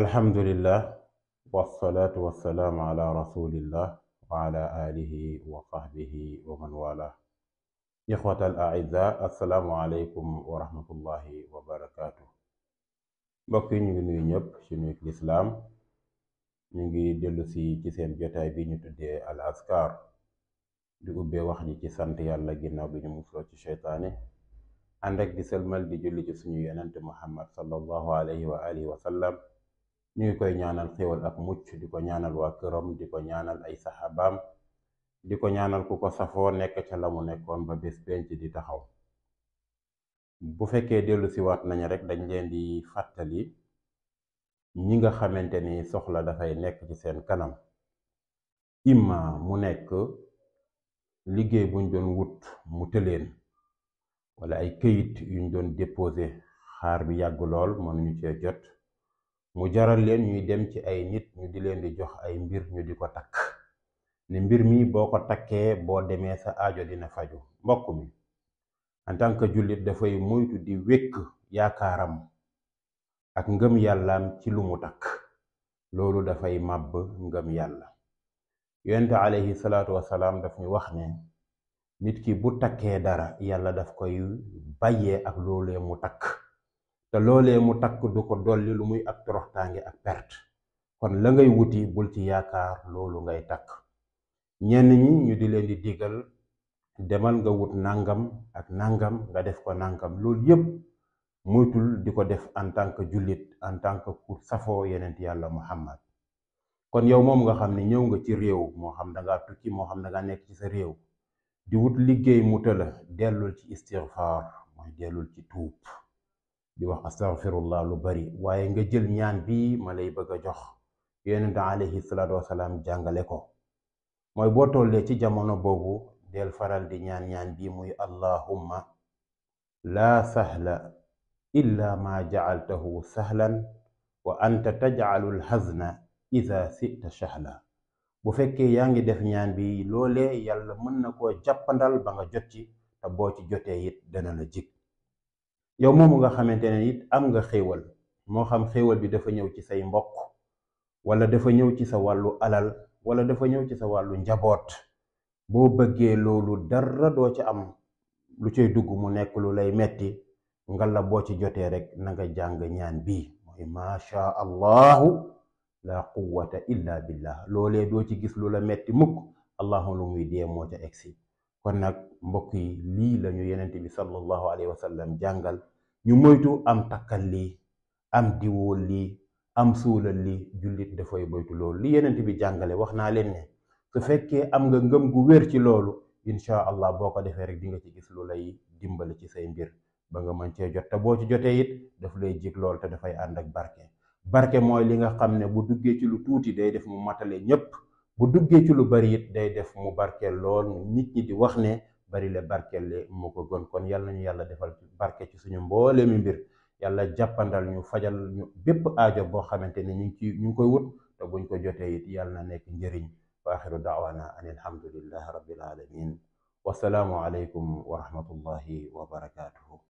alhamdulillah wassalaatu wassalaamu ala rasulillah wa ala alihi wa sahbihi wa man wala ixwatal aida assalaamu aleykum wa rahmatullahi wa barakaatu mbokk ñu nuyu ñëpp ci nuyu lislaam ñu ngi dellu si ci seen jotaay bi ñu tuddee al askar di ubbee wax ji ci sant yàlla ginnaaw bi ñu musloo ci seytaane ànd ak di sëlmal di julli ci suñu yonente muhammad sallallahu alayhi wa alihi wa sallam ñu ngi koy ñaanal xéwal ak mucc di ko ñaanal waa këram di ko ñaanal ay saxaabaam di ko ñaanal ku ko safoo nekk ca la mu nekkoon ba bés penc di taxaw bu fekkee dellu waat nañ rek dañ leen di fàttali ñi nga xamante ni soxla dafay nekk ci seen kanam imma mu nekk liggéey buñ doon wut mu tëleen wala ay këyit yuñ doon déposé xaar bi yàgg lool mënuñu cee jot mu jaral leen ñuy dem ci ay nit ñu di leen di jox ay mbir ñu di ko takk ne mbir mi boo ko takkee boo demee sa ajo dina faju mbokk mi en tant que jullit dafay moytu di wékk yaakaaram ak ngëm yàllaam ci lu mu takk loolu dafay màbb ngëm yàlla yonent alayhi salaatu wasalaam daf ñu wax ne nit ki bu takkee dara yàlla daf koy bàyyee ak loolee mu takk te loolee mu takk du ko dolli lu muy ak toroxtaange ak perte kon la ngay wuti bul ci yaakaar loolu ngay takk ñenn ñi ñu di leen di digal demal nga wut nangam ak nangam nga def ko nangam loolu yépp moytul di ko def en tant que jullit en tant que ku safoo yenent yàlla muhammad kon yow moom nga xam ne ñëw nga ci réew moo xam dangaa tukki moo xam dangaa nekk ci sa réew di wut liggéey mu tëla dellul ci istigfaar mooy dellul ci tuub di wax astaghfirullah lu bari waaye nga jël ñaan bi ma lay bëgg a jox yonent alayhi salaatu wasalaam jàngale ko mooy boo tollee ci jamono boobu del faral di ñaan ñaan bi muy allahumma laa sahla illa ma jacaltahu sahlan wa anta tajcalu alhazna ida sita sahla bu fekkee yaa ngi def ñaan bi loolee yàlla mën na koo jàppandal ba nga jot ci te boo ci jote it dana la jik yow moomu nga xamante ne it am nga xéewal moo xam xéewal bi dafa ñëw ci say mbokk wala dafa ñëw ci sa wàllu alal wala dafa ñëw ci sa wàllu njaboot boo bëggee loolu dara doo ci am lu cay dugg mu nekk lu lay metti nga la boo ci jotee rek na nga jàng ñaan bii mooy macha allahu la quwwata illa billah loolee doo ci gis lu la metti mukk allahuma lu muy dee moo ca egsi kon nag mbokk yi lii la ñu yenent bi sallallahu alayhi wa sallam jàngal ñu moytu am takkal lii am diwool lii am suulal lii jullit dafay moytu loolu li yenent bi jàngale wax naa leen ne su fekkee am nga ngëm gu wér ci loolu incha allah boo ko defee rek di nga ci gis lu lay dimbali ci say mbir ba nga mën cee jot te boo ci jotee it daf lay jig lool te dafay ànd ak barke barke mooy li nga xam ne bu duggee ci lu tuuti day def mu matale ñépp bu duggee ci lu bari it day def mu barkeel lool nit ñi di wax ne bari le barkeel le moo ko gën kon yàlla nañu yàlla defal barke ci suñu mboolee mbir yàlla jàppandal ñu fajal ñu bépp aajo boo xamante ne ñu ngi ñu koy wut te buñ ko jotee it yàlla na nekk njëriñ waaxiru daawana an alhamdulillahi rabbil alamin wasalaamu aleykum wa rahmatullahi wa barakaatuhu